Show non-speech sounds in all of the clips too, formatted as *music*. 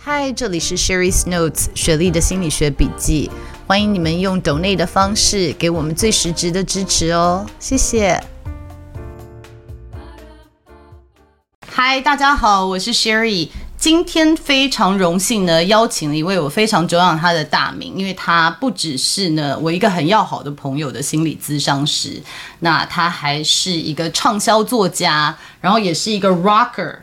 嗨，Hi, 這裡是 Sherry's Notes 雪莉的心理學筆記，歡迎你們用 donate 的方式給我們最實質的支持哦，謝謝。嗨，大家好，我是 Sherry，今天非常榮幸呢邀請了一位我非常久仰他的大名，因為他不只是呢我一個很要好的朋友的心理諮商師，那他還是一個暢銷作家，然後也是一個 rocker。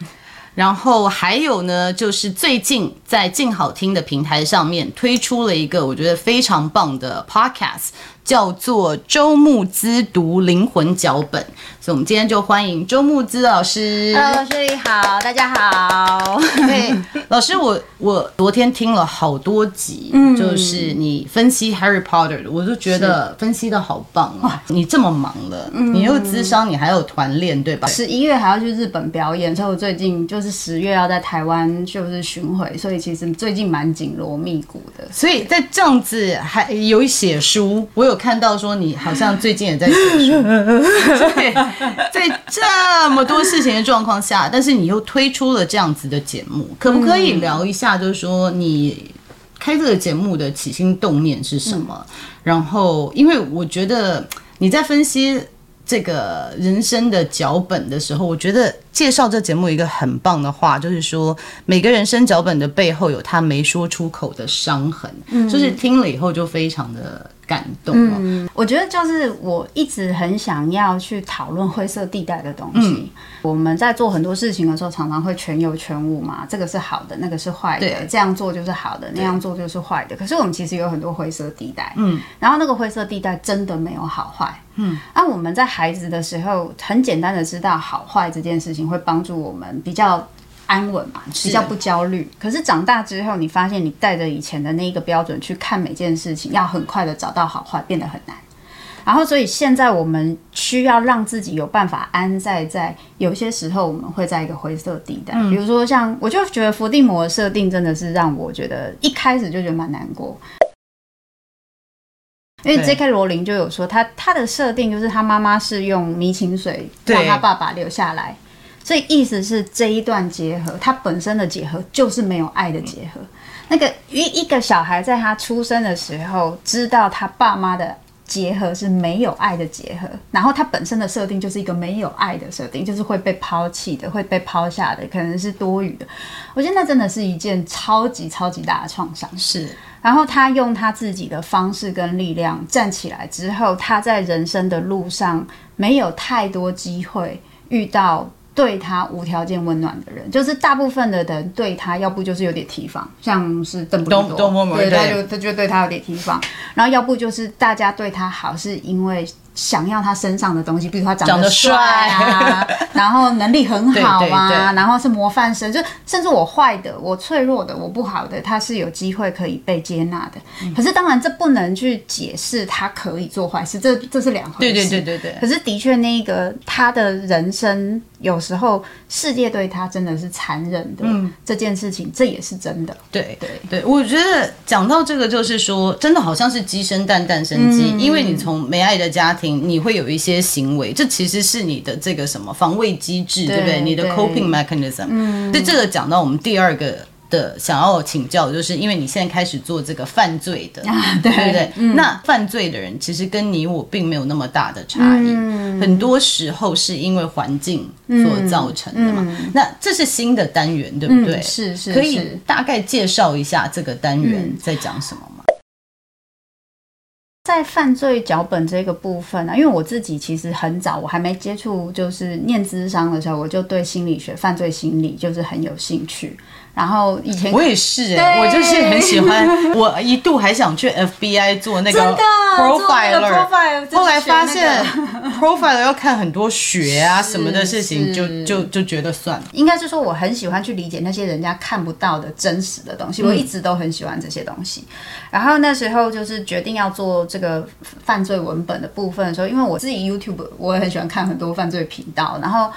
然後還有呢，就是最近在鏡好聽的平台上面推出了一個我覺得非常棒的 podcast，叫做周慕姿讀靈魂腳本。總監就歡迎周慕姿老師。Hello, 老師你好，大家好。對， *laughs* *laughs* 老師，我我昨天聽了好多集，嗯，就是你分析 Harry Potter 的，我就覺得分析的好棒啊！是你這麼忙了，嗯、你又諮商，你還有團練對吧？十一月還要去日本表演，所以我最近就是十月要在台灣就是巡迴，所以其實最近蠻緊鑼密鼓的。所以在這樣子，還有寫書，我有看到說你好像最近也在寫書。 *laughs* 在這麼多事情的狀況下，但是你又推出了這樣子的節目，可不可以聊一下？就是說你開這個節目的起心動念是什麼？嗯、然後，因為我覺得你在分析這個人生的腳本的時候，我覺得介紹這節目一個很棒的話，就是說，每個人生腳本的背後有他沒說出口的傷痕，就是、嗯、聽了以後就非常的。感動了，嗯、我覺得就是我一直很想要去討論灰色地帶的東西。嗯、我們在做很多事情的時候，常常會全有全無嘛，這個是好的，那個是壞的，對這樣做就是好的，那樣做就是壞的。可是我們其實有很多灰色地帶，嗯，然後那個灰色地帶真的沒有好壞，嗯，那、啊、我們在孩子的時候，很簡單的知道好壞這件事情，會幫助我們比較。安穩嘛，比較不焦慮。是的，可是長大之後，你發現你帶着以前的那一個標準去看每件事情，要很快的找到好壞變得很難。然後，所以現在我們需要讓自己有辦法安在在。有些時候，我們會在一個灰色地帶。嗯。比如說，像我就覺得伏地魔的設定真的是讓我覺得一開始就覺得蠻難過，對因為 J.K. 羅琳就有說他她的設定就是他媽媽是用迷情水把他爸爸留下來。所以意思是這一段結合，它本身的結合就是沒有愛的結合。那個一一個小孩在他出生的時候，知道他爸媽的結合是沒有愛的結合，然後他本身的設定就是一個沒有愛的設定，就是會被拋棄的，會被拋下的，可能是多餘的。我覺得那真的是一件超級超級大的創傷。是的，然後他用他自己的方式跟力量站起來之後，他在人生的路上沒有太多機會遇到。對他無條件溫暖的人，就是大部分的人對他，要不就是有點提防，像是鄧不利多都都摸摸對他就他就對他有點提防，然後要不就是大家對他好，是因為想要他身上的東西，比如他長得帥啊，帥啊 *laughs* 然後能力很好啊，對對對然後是模範生，就甚至我壞的，我脆弱的，我不好的，他是有機會可以被接納的。嗯、可是當然這不能去解釋他可以做壞事，這這是兩回事。對，對對對對。可是的確那個他的人生。有時候世界對他真的是殘忍的，嗯、這件事情這也是真的。對對對，我覺得講到這個，就是說真的好像是雞生蛋，蛋生雞，因為你從沒愛的家庭，你會有一些行為，這其實是你的這個什麼防衛機制，對,對不對？你的 coping mechanism 對。嗯，那這個講到我們第二個。嗯嗯想要請教就是因為你現在開始做這個犯罪的，啊、對，對不對？嗯、那犯罪的人其實跟你我並沒有那麼大的差異，嗯、很多時候是因為環境所造成的嘛。嗯、那這是新的單元，嗯、對不對？是是，是是可以大概介紹一下這個單元在講什麼嗎？在犯罪腳本這個部分呢、啊，因為我自己其實很早，我還沒接觸就是念諮商的時候，我就對心理學、犯罪心理就是很有興趣。然後以前我也是哎，對我就是很喜歡， *laughs* 我一度還想去 FBI 做那個 Profiler，prof、那個、後來發現 Profiler 要看很多血啊什麼的事情就就，就就就覺得算了。應該是說我很喜歡去理解那些人家看不到的真實的東西，嗯、我一直都很喜歡這些東西。然後那時候就是決定要做這個犯罪文本的部分的時候，因為我自己 YouTube 我也很喜歡看很多犯罪頻道，然後。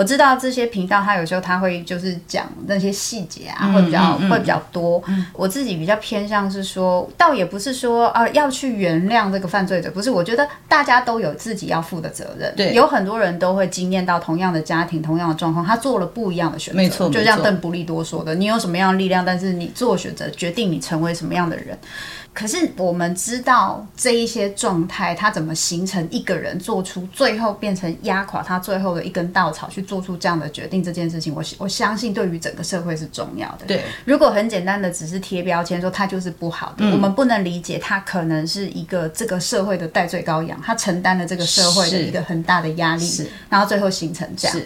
我知道這些頻道，他有時候他會就是講那些細節啊，嗯、會比較、嗯嗯、會比較多。嗯、我自己比較偏向是說，倒也不是說啊要去原諒這個犯罪者，不是。我覺得大家都有自己要負的責任。對，有很多人都會經驗到同樣的家庭、同樣的狀況，他做了不一樣的選擇。沒錯，就像鄧不利多說的，你有什麼樣的力量，但是你做選擇決定你成為什麼樣的人。嗯可是我們知道這一些狀態，他怎麼形成，一個人做出最後變成壓垮他最後的一根稻草，去做出這樣的決定這件事情，我我相信對於整個社會是重要的。對，如果很簡單的只是貼標籤說他就是不好的，嗯，我們不能理解他可能是一個這個社會的代罪羔羊，他承擔了這個社會的一個很大的壓力，是然後最後形成這樣。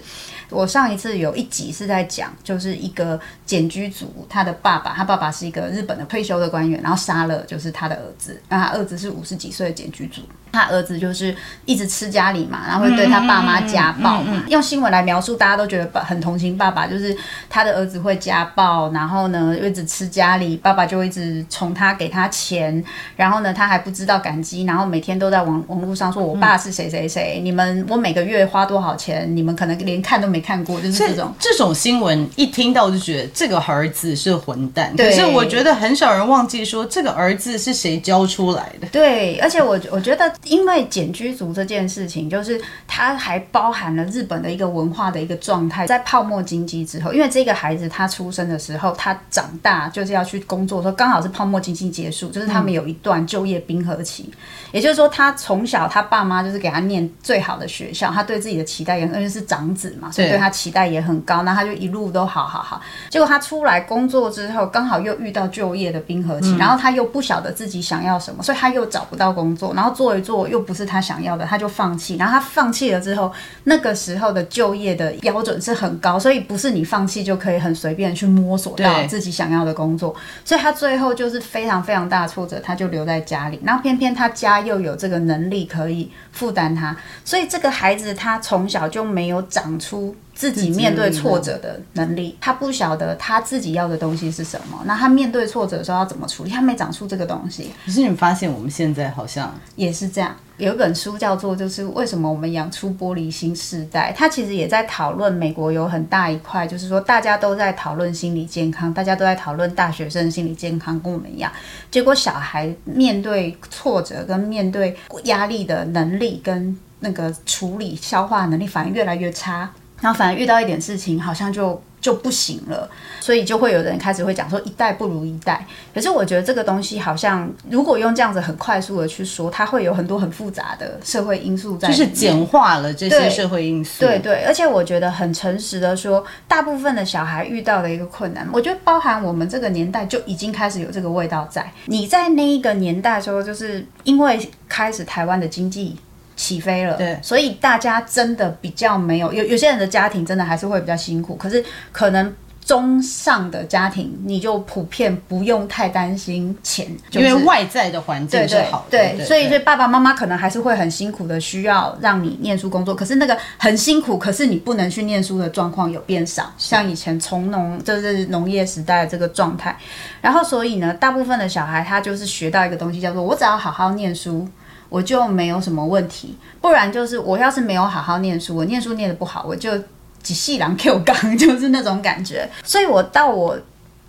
我上一次有一集是在講，就是一個繭居族，他的爸爸，他爸爸是一個日本的退休的官員，然後殺了就是他的兒子，那他兒子是五十幾歲的繭居族。他兒子就是一直吃家裡嘛，然後會對他爸媽家暴嘛。用新聞來描述，大家都覺得爸很同情爸爸，就是他的兒子會家暴，然後呢一直吃家裡，爸爸就一直寵他，給他錢，然後呢他還不知道感激，然後每天都在網網路上說我爸是誰誰誰，嗯、你們我每個月花多少錢，你們可能連看都沒看過，就是這種這,這種新聞一聽到我就覺得這個兒子是混蛋。對，可是我覺得很少人忘記說這個兒子是誰教出來的。對，而且我我覺得。因為繭居族這件事情，就是他還包含了日本的一個文化的一個狀態。在泡沫經濟之後，因為這個孩子他出生的時候，他長大就是要去工作說剛好是泡沫經濟結束，就是他們有一段就業冰河期。嗯、也就是說，他從小他爸媽就是給他念最好的學校，他對自己的期待也很，因為是長子嘛，所以對他期待也很高。那對他就一路都好好好，結果他出來工作之後，剛好又遇到就業的冰河期，嗯、然後他又不曉得自己想要什麼，所以他又找不到工作，然後做一做。又不是他想要的，他就放棄。然後他放棄了之後，那個時候的就業的標準是很高，所以不是你放棄就可以很隨便去摸索到自己想要的工作。對所以他最後就是非常非常大的挫折，他就留在家裡。然後偏偏他家又有這個能力可以負擔他，所以這個孩子他從小就沒有長出。自己面對挫折的能力，力他不曉得他自己要的東西是什麼。那他面對挫折的時候要怎麼處理？他沒長出這個東西。可是你發現我們現在好像也是這樣。有一本書叫做《就是為什麼我們養出玻璃心世代》，他其實也在討論美國有很大一塊，就是說大家都在討論心理健康，大家都在討論大學生心理健康，跟我們一樣。結果小孩面對挫折跟面對壓力的能力，跟那個處理消化能力，反而越來越差。然後反而遇到一點事情，好像就就不行了，所以就會有人開始會講說一代不如一代。可是我覺得這個東西好像，如果用這樣子很快速的去說，它會有很多很複雜的社會因素在，就是簡化了這些社會因素。對，對對，而且我覺得很誠實的說，大部分的小孩遇到的一個困難，我覺得包含我們這個年代就已經開始有這個味道在。你在那一個年代的時候，就是因為開始台灣的經濟。起飛了，對，所以大家真的比較沒有，有有些人的家庭真的還是會比較辛苦，可是可能中上的家庭你就普遍不用太擔心錢，就是，因為外在的環境是好，對，對，對，所以就爸爸媽媽可能還是會很辛苦的，需要讓你念書工作，可是那個很辛苦，可是你不能去念書的狀況有變少，是像以前從農就是農業時代的這個狀態，然後所以呢，大部分的小孩他就是學到一個東西，叫做我只要好好念書。我就沒有什麼問題，不然就是我要是沒有好好念書，我念書念得不好，我就幾細狼 Q 剛，就是那種感覺，所以我到我。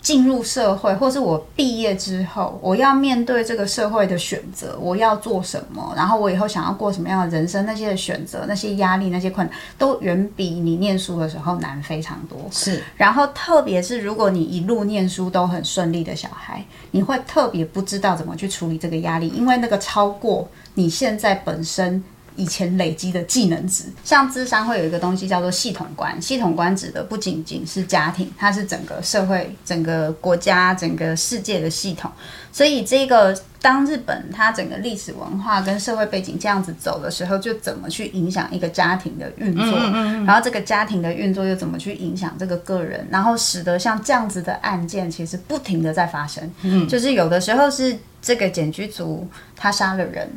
進入社會，或是我畢業之後，我要面對這個社會的選擇，我要做什麼？然後我以後想要過什麼樣的人生？那些選擇、那些壓力、那些困難，都遠比你念書的時候難非常多。是，然後特別是如果你一路念書都很順利的小孩，你會特別不知道怎麼去處理這個壓力，因為那個超過你現在本身。以前累積的技能值，像諮商會有一個東西叫做系統觀。系統觀指的不僅僅是家庭，它是整個社會、整個國家、整個世界的系統。所以，這個當日本它整個歷史文化跟社會背景這樣子走的時候，就怎麼去影響一個家庭的運作？嗯嗯嗯。然後這個家庭的運作又怎麼去影響這個個人？然後使得像這樣子的案件其實不停的在發生。嗯。就是有的時候是這個繭居族他殺了人，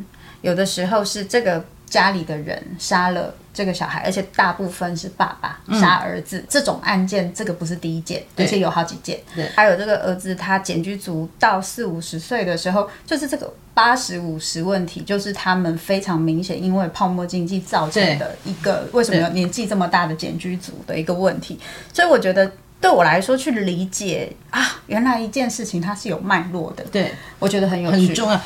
有的時候是這個。家裡的人殺了這個小孩，而且大部分是爸爸殺兒子。嗯、這種案件，這個不是第一件，對而且有好幾件。對，對還有這個兒子，他繭居族到四五十歲的時候，就是這個八十五十問題，就是他們非常明顯，因為泡沫經濟造成的一個為什麼有年紀這麼大的繭居族的一個問題。所以我覺得對我來說，去理解啊，原來一件事情它是有脈絡的。對，我覺得很有趣，很重要。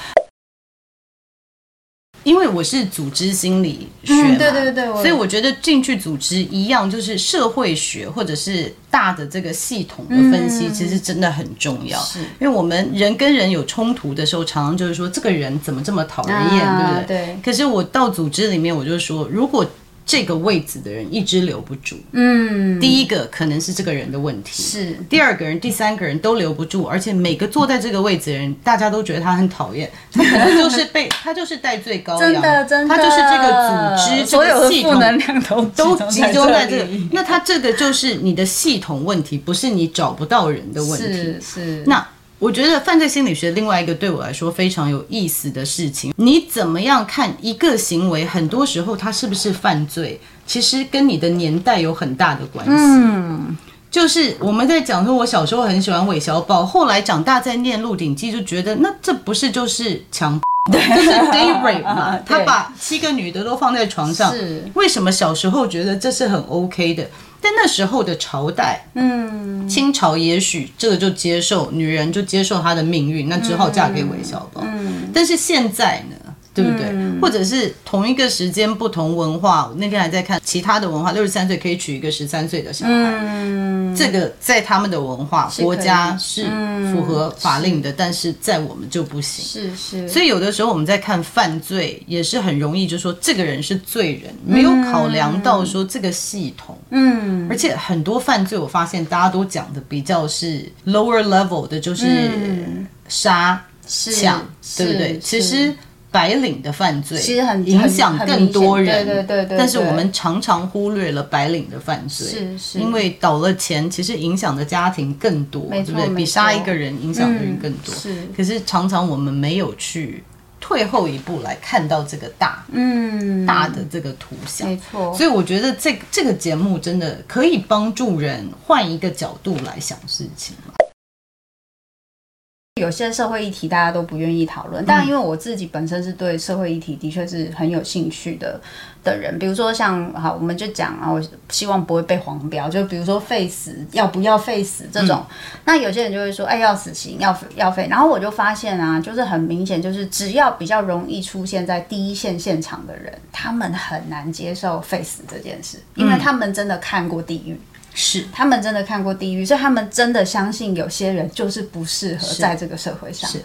因為我是組織心理學嘛，嗯、對對對，所以我覺得進去組織一樣就是社會學或者是大的這個系統的分析，嗯、其實真的很重要。是。因為我們人跟人有衝突的時候，常常就是說這個人怎麼這麼討人厭，啊、對不對？對。可是我到組織裡面，我就說如果。這個位置的人一直留不住，嗯，第一個可能是這個人的問題，是第二個人、第三個人都留不住，而且每個坐在這個位置的人，嗯、大家都覺得他很討厭，他可能就是被 *laughs* 他就是代罪羔羊，真的真的，他就是這個組織、啊、這個系統能量都都，都集中在這個， *laughs* 那他這個就是你的系統問題，不是你找不到人的問題，是是那。我覺得犯罪心理學另外一個對我來說非常有意思的事情，你怎麼樣看一個行為？很多時候它是不是犯罪，其實跟你的年代有很大的關係。嗯，就是我們在講說，我小時候很喜歡韋小寶，後來長大在念《鹿鼎記》，就覺得那這不是就是強對，這是 date rape 嘛？他把七個女的都放在床上，為什麼小時候覺得這是很 OK 的？但那時候的朝代，嗯，清朝也許這個就接受，女人就接受她的命運，那只好嫁給韋小寶。嗯，嗯，但是現在呢，對不對？嗯或者是同一個時間不同文化，那天還在看其他的文化，六十三歲可以娶一個十三歲的小孩，嗯、這個在他們的文化國家是符合法令的，是嗯、但是在我們就不行。是是，是是，所以有的時候我們在看犯罪也是很容易就說這個人是罪人，嗯、沒有考量到說這個系統。嗯，而且很多犯罪我發現大家都講的比較是 lower level 的，就是殺搶，對不對？其實。白領的犯罪其實很影響更多人，對對對對，但是我們常常忽略了白領的犯罪，是是，是因為倒了錢其實影響的家庭更多，沒錯，對不對？沒錯，比殺一個人影響的人更多。嗯，是，可是常常我們沒有去退後一步來看到這個大嗯大的這個圖像，沒錯。所以我覺得這這個節目真的可以幫助人換一個角度來想事情。有些社會議題大家都不願意討論，嗯、但因為我自己本身是對社會議題的確是很有興趣的的人，比如說像好，我們就講啊，我希望不會被黃標，就比如說，廢死要不要廢死這種，嗯、那有些人就會說，哎，要死刑要要廢，然後我就發現啊，就是很明顯，就是只要比較容易出現在第一線現場的人，他們很難接受廢死這件事，嗯、因為他們真的看過地獄。是，他們真的看過地獄，所以他們真的相信有些人就是不適合在這個社會上。是，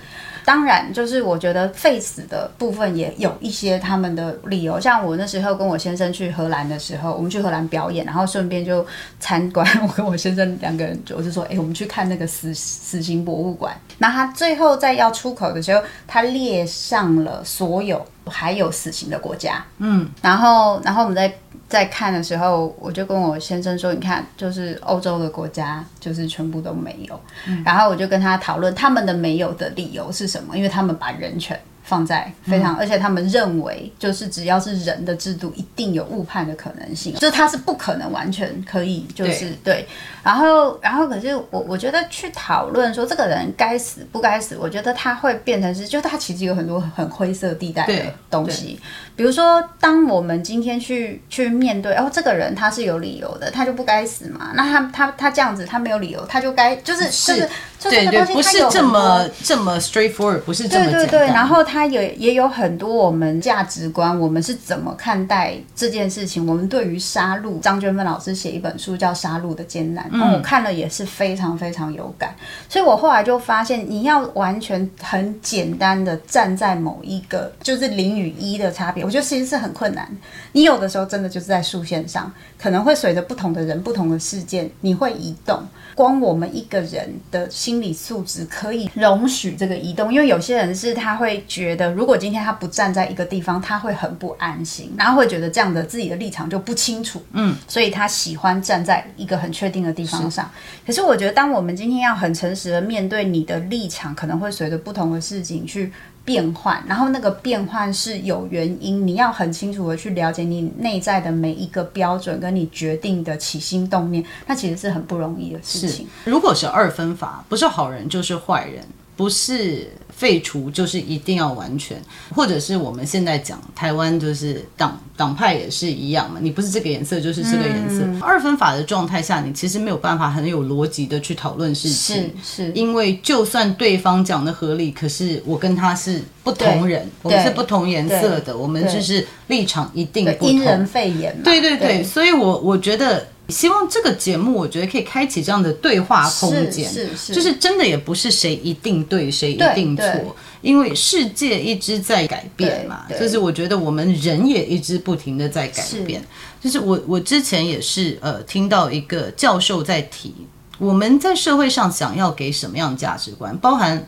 當然，就是我覺得廢死的部分也有一些他們的理由。像我那時候跟我先生去荷蘭的時候，我們去荷蘭表演，然後順便就參觀。我跟我先生兩個人，就我就說，哎、欸，我們去看那個死死刑博物館。那他最後在要出口的時候，他列上了所有還有死刑的國家。嗯，然後，然後我們在。在看的時候，我就跟我先生說：“你看，就是歐洲的國家，就是全部都沒有。”嗯，然後我就跟他討論他們的沒有的理由是什麼，因為他們把人權，放在非常，而且他們認為，就是只要是人的制度，一定有誤判的可能性，就是他是不可能完全可以，就是對，對。然後，然後可是我我覺得去討論說這個人該死不該死，我覺得他會變成是，就他其實有很多很灰色地帶的東西。對。比如說，當我們今天去去面對，哦，這個人他是有理由的，他就不該死嘛？那他他他這樣子，他沒有理由，他就該就是就是。是。這對，對對，不是這麼這麼 straightforward，不是這麼簡單。對對對，然後他也也有很多我們價值觀，我們是怎麼看待這件事情？我們對於殺戮，張娟芬老師寫一本書叫《殺戮的艱難》，嗯，那我看了也是非常非常有感。所以我後來就發現，你要完全很簡單的站在某一個就是零與一的差別，我覺得其實是很困難。你有的時候真的就是在數線上，可能會隨着不同的人、不同的事件，你會移動。光我們一個人的。心理素質可以容許這個移動，因為有些人是他會覺得，如果今天他不站在一個地方，他會很不安心，然後會覺得這樣的自己的立場就不清楚，嗯，所以他喜歡站在一個很確定的地方上。是，可是我覺得，當我們今天要很誠實的面對你的立場，可能會隨着不同的事情去。變換，然後那個變換是有原因，你要很清楚的去了解你內在的每一個標準，跟你決定的起心動念，那其實是很不容易的事情。是，如果是二分法，不是好人就是壞人，不是。廢除就是一定要完全，或者是我們現在講台灣，就是黨黨派也是一樣嘛。你不是這個顏色，就是這個顏色。嗯、二分法的狀態下，你其實沒有辦法很有邏輯的去討論事情，是,是因為就算對方講的合理，可是我跟他是不同人，對我們是不同顏色的，對我們就是立場一定不同。因人廢言嘛，對對對，對所以我我覺得。希望這個節目，我覺得可以開啟這樣的對話空間，是是是，就是真的也不是誰一定對，誰一定錯，因為世界一直在改變嘛。就是我覺得我們人也一直不停的在改變。是，就是我我之前也是呃聽到一個教授在提，我們在社會上想要給什麼樣的價值觀，包含。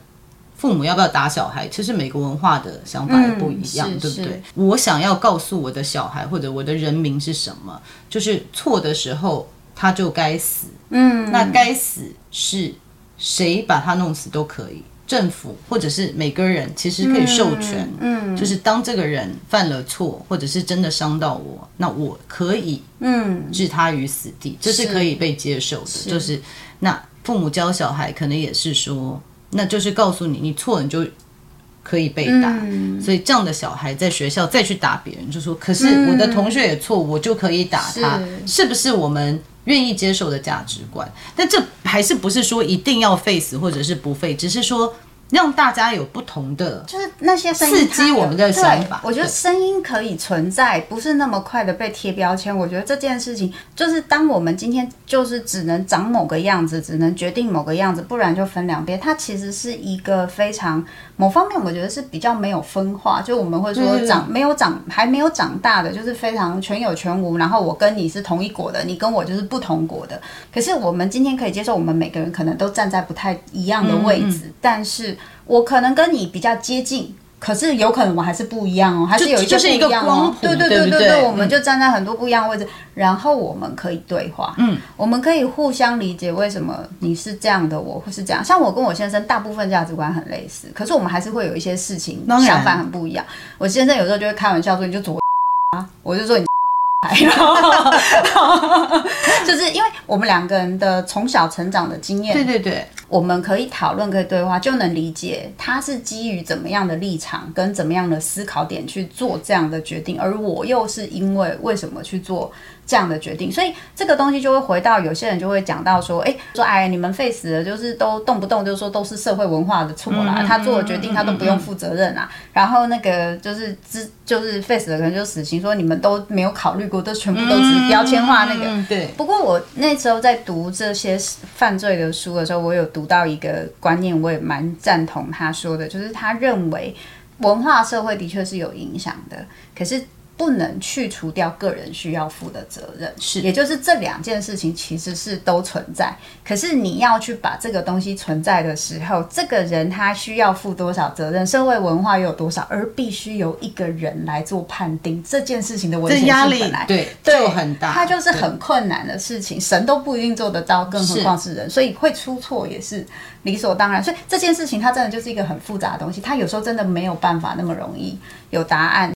父母要不要打小孩？其實每個文化的想法也不一樣，嗯、對不對？我想要告訴我的小孩或者我的人民是什麼，就是錯的時候他就該死。嗯，那該死是誰把他弄死都可以，政府或者是每個人其實可以授權。嗯，嗯就是當這個人犯了錯，或者是真的傷到我，那我可以嗯置他於死地，這、嗯、是可以被接受的。是是就是那父母教小孩，可能也是說。那就是告訴你，你錯了，你就可以被打。嗯、所以這樣的小孩在學校再去打別人，就說：“可是我的同學也錯，嗯、我就可以打他，是，是不是我們願意接受的價值觀？”但這還是不是說一定要廢死或者是不廢，只是說。讓大家有不同的，就是那些聲音刺激我們的想法、想法。我覺得聲音可以存在，對不是那麼快的被貼標籤。我覺得這件事情，就是當我們今天就是只能長某個樣子，只能決定某個樣子，不然就分兩邊。它其實是一個非常。某方面我覺得是比較沒有分化，就我們會說長、嗯、沒有長還沒有長大的，就是非常全有全無。然後我跟你是同一國的，你跟我就是不同國的。可是我們今天可以接受，我們每個人可能都站在不太一樣的位置，嗯、但是我可能跟你比較接近。可是有可能我們還是不一樣哦，就還是有一些不一樣哦。就是、一個光譜對，對對對對對，嗯、我們就站在很多不一樣的位置，然後我們可以對話。嗯，我們可以互相理解為什麼你是這樣的，我會是這樣。像我跟我先生，大部分價值觀很類似，可是我們還是會有一些事情、嗯、想法很不一樣。我先生有時候就會開玩笑說：“你就左 X X 啊！”我就說你。 *laughs* 就是因為我們兩個人的從小成長的經驗，對對對，我們可以討論，可以對話，就能理解他是基於怎麼樣的立場跟怎麼樣的思考點去做這樣的決定，而我又是因為為什麼去做。這樣的決定，所以這個東西就會回到有些人就會講到說，哎、欸，說哎，你們廢死的就是都動不動就是說都是社會文化的錯啦，嗯嗯嗯，他做的決定他都不用負責任啦。嗯嗯嗯，然後那個就是之就是廢死的人就死刑說，你們都沒有考慮過，都全部都是標籤化那個。嗯嗯嗯，對。不過我那時候在讀這些犯罪的書的時候，我有讀到一個觀念，我也蠻贊同他說的，就是他認為文化社會的確是有影響的，可是。不能去除掉個人需要負的責任，是，也就是這兩件事情其實是都存在。可是你要去把這個東西存在的時候，這個人他需要負多少責任，社會文化又有多少，而必須由一個人來做判定這件事情的問題。是本來對，對就很大，他就是很困難的事情，對神都不一定做得到，更何況是人，是所以會出錯也是理所當然。所以這件事情它真的就是一個很複雜的東西，它有時候真的沒有辦法那麼容易有答案。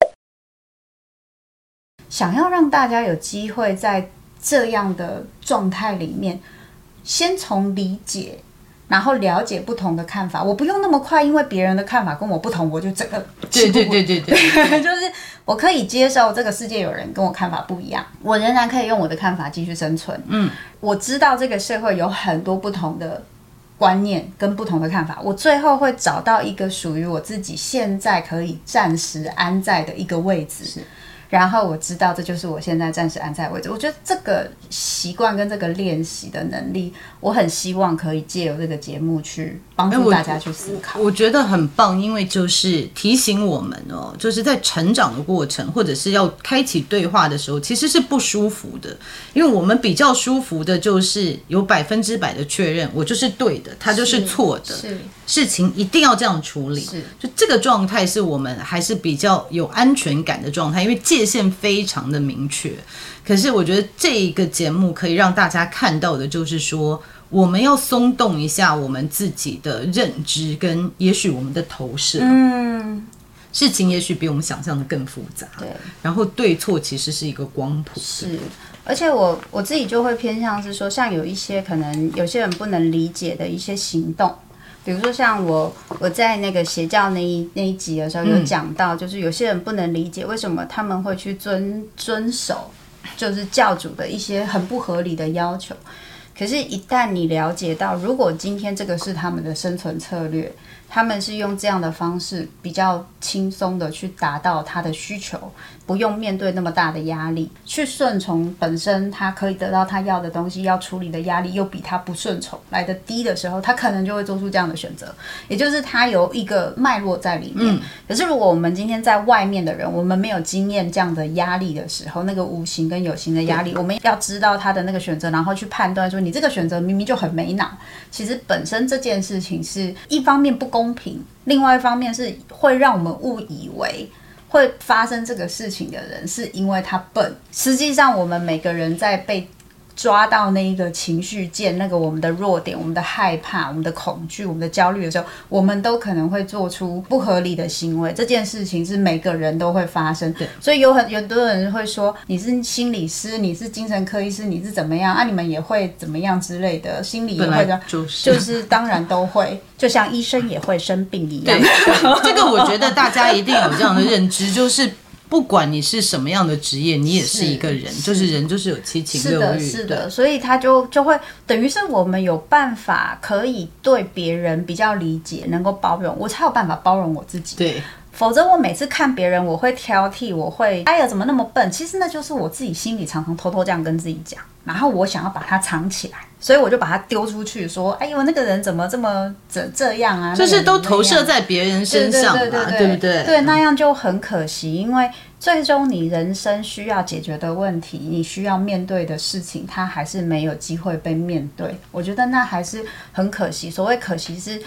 想要讓大家有機會在這樣的狀態裡面，先從理解，然後了解不同的看法。我不用那麼快，因為別人的看法跟我不同，我就整個對對對對對，對對對 *laughs* 就是我可以接受這個世界有人跟我看法不一樣，我仍然可以用我的看法繼續生存。嗯，我知道這個社會有很多不同的觀念跟不同的看法，我最後會找到一個屬於我自己現在可以暫時安在的一個位置。是。然後我知道這就是我現在暫時安在位置。我覺得這個習慣跟這個練習的能力，我很希望可以借由這個節目去幫助大家去思考。我，我覺得很棒，因為就是提醒我們哦，就是在成長的過程，或者是要開啟對話的時候，其實是不舒服的。因為我們比較舒服的就是有百分之百的確認，我就是對的，他就是錯的，是事情一定要這樣處理。是，就這個狀態是我們還是比較有安全感的狀態，因為。界限非常的明確，可是我覺得這一個節目可以讓大家看到的，就是說我們要鬆動一下我們自己的認知，跟也許我們的投射，嗯，事情也許比我們想象的更複雜。對，然後對錯其實是一個光譜。是，而且我我自己就會偏向是說，像有一些可能有些人不能理解的一些行動。比如說，像我我在那個邪教那一那一集的時候，有講到，就是有些人不能理解為什麼他們會去遵遵守，就是教主的一些很不合理的要求。可是，一旦你了解到，如果今天這個是他們的生存策略。他們是用這樣的方式比較輕鬆的去達到他的需求，不用面對那麼大的壓力，去順從本身他可以得到他要的東西，要處理的壓力又比他不順從來的低的時候，他可能就會做出這樣的選擇，也就是他有一個脈絡在裡面。嗯、可是如果我們今天在外面的人，我們沒有經驗這樣的壓力的時候，那個無形跟有形的壓力，對我們要知道他的那個選擇，然後去判斷說，你這個選擇明明就很沒腦。其實本身這件事情是一方面不。公平，另外一方面是會讓我們誤以為會發生這個事情的人是因為他笨。實際上，我們每個人在被抓到那一個情緒鍵，那個我們的弱點、我們的害怕、我們的恐懼、我們的焦慮的時候，我們都可能會做出不合理的行為。這件事情是每個人都會發生，對。所以有很有很多人會說你是心理師，你是精神科醫師，你是怎麼樣啊？你們也會怎麼樣之類的？心理也會的，就是、就是當然都會， *laughs* 就像醫生也會生病一樣。對 *laughs* 這個我覺得大家一定有這樣的認知，就是。不管你是什麼樣的職業，你也是一個人，是是，就是人就是有七情六欲，是的，是的，對。所以他就就會等於是我們有辦法可以對別人比較理解，能夠包容，我才有辦法包容我自己。對。否則，我每次看別人，我會挑剔，我會哎呀，怎麼那麼笨？其實那就是我自己心裡常常偷偷這樣跟自己講，然後我想要把它藏起來，所以我就把它丟出去說，說哎呦，那個人怎麼這麼這這樣啊？就是都投射在別人身上嘛、啊啊，對不對？對，那樣就很可惜，因為最終你人生需要解決的問題，你需要面對的事情，他還是沒有機會被面對。我覺得那還是很可惜。所謂可惜是。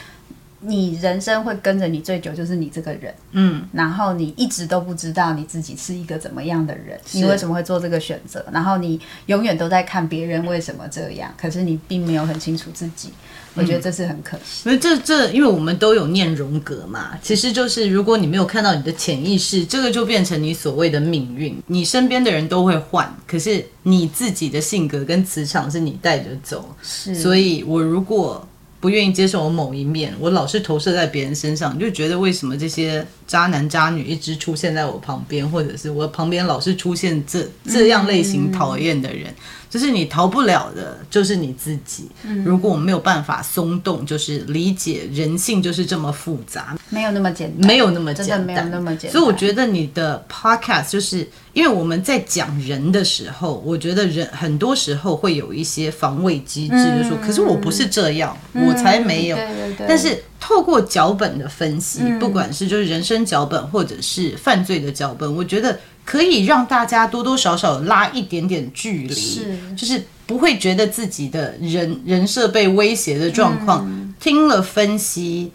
你人生會跟着你最久就是你這個人，嗯，然後你一直都不知道你自己是一個怎麼樣的人，是你為什麼會做這個選擇？然後你永遠都在看別人為什麼這樣，可是你並沒有很清楚自己。我覺得這是很可惜。所以、嗯、這這，因為我們都有念榮格嘛，其實就是如果你沒有看到你的潛意識，這個就變成你所謂的命運。你身邊的人都會換，可是你自己的性格跟磁場是你帶着走。是，所以我如果。不願意接受我某一面，我老是投射在別人身上，就覺得為什麼這些渣男渣女一直出現在我旁邊，或者是我旁邊老是出現這這樣類型討厭的人。嗯就是你逃不了的，就是你自己。嗯，如果我沒有辦法鬆動，就是理解人性就是這麼複雜，沒有那麼簡單，沒有那麼簡單，沒有那麼簡單。所以我覺得你的 podcast 就是因為我們在講人的時候，我覺得人很多時候會有一些防衛機制，就是說“嗯、可是我不是這樣，嗯、我才沒有。”對對對。但是透過腳本的分析，嗯、不管是就是人生腳本或者是犯罪的腳本，我覺得。可以讓大家多多少少拉一點點距離，是就是不會覺得自己的人人設被威脅的狀況。嗯、聽了分析，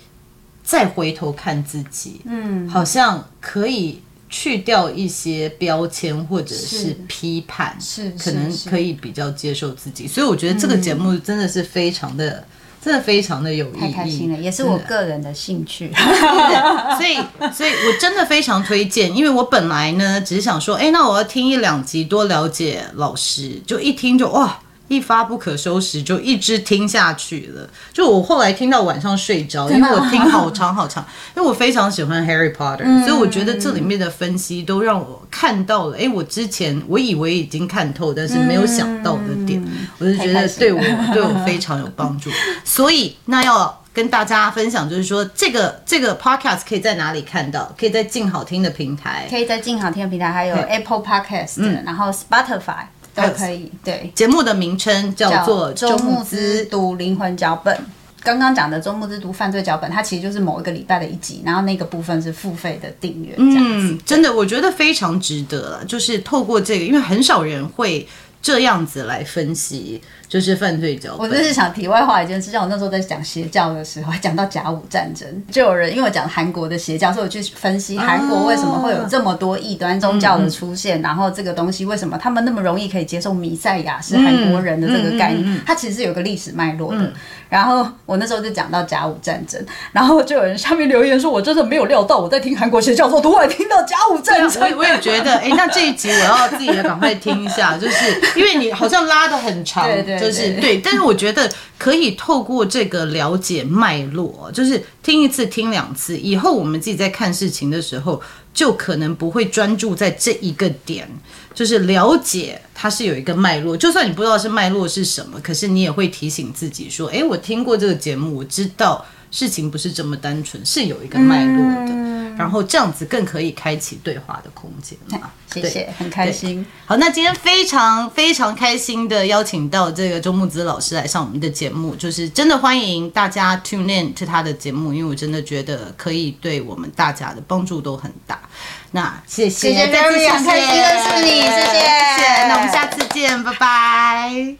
再回頭看自己，嗯，好像可以去掉一些標籤或者是批判，是可能可以比較接受自己。所以我覺得這個節目真的是非常的。真的非常的有意義，太開心了，也是我個人的興趣，嗯、 *laughs* 所以，所以我真的非常推薦，因為我本來呢只是想說，哎，那我要聽一兩集，多了解老師，就一聽就哇。一發不可收拾，就一直聽下去了。就我後來聽到晚上睡着，因為我聽好長好長，因為我非常喜歡 Harry Potter，所以我覺得這裡面的分析都讓我看到了。哎，我之前我以為已經看透，但是沒有想到的點，我就覺得對我對我非常有幫助。所以那要跟大家分享，就是說這個這個 podcast 可以在哪裡看到？可以在鏡好聽的平台，可以在鏡好聽的平台，還有 Apple Podcast，然後 Spotify。都可以。對，節目的名稱叫做周慕姿，叫《周慕姿讀靈魂腳本》。剛剛講的《周慕姿讀犯罪腳本》，它其實就是某一個禮拜的一集，然後那個部分是付費的訂閱。嗯，這樣子真的，我覺得非常值得了。就是透過這個，因為很少人會這樣子來分析。就是犯罪腳本，我就是想題外話一件事，就像我那時候在講邪教的時候，講到甲午戰爭，就有人因為我講韓國的邪教，所以我去分析韓國為什麼會有這麼多異端宗教的出現，啊、然後這個東西為什麼他們那麼容易可以接受彌賽亞是韓國人的這個概念，嗯、它其實是有個歷史脈絡的。嗯、然後我那時候就講到甲午戰爭，然後就有人下面留言說，我真的沒有料到我在聽韓國邪教的時候我突然聽到甲午戰爭，啊，我也覺得，誒、欸，那這一集我要自己的趕快聽一下，就是因為你好像拉得很長。對對對。就是對，但是我覺得可以透過這個了解脈絡，就是聽一次、聽兩次以後，我們自己在看事情的時候，就可能不會專注在這一個點，就是了解它是有一個脈絡。就算你不知道是脈絡是什麼，可是你也會提醒自己說：“誒，我聽過這個節目，我知道。”事情不是這麼單純，是有一個脈絡的，嗯、然後這樣子更可以開啟對話的空間嘛？謝謝，對很開心。好，那今天非常非常開心的邀請到這個周慕姿老師來上我們的節目，就是真的歡迎大家 tune in to 他的節目，因為我真的覺得可以對我們大家的幫助都很大。那謝謝，非常謝天開心認識你，謝謝，謝謝，那我們下次見， *laughs* 拜拜。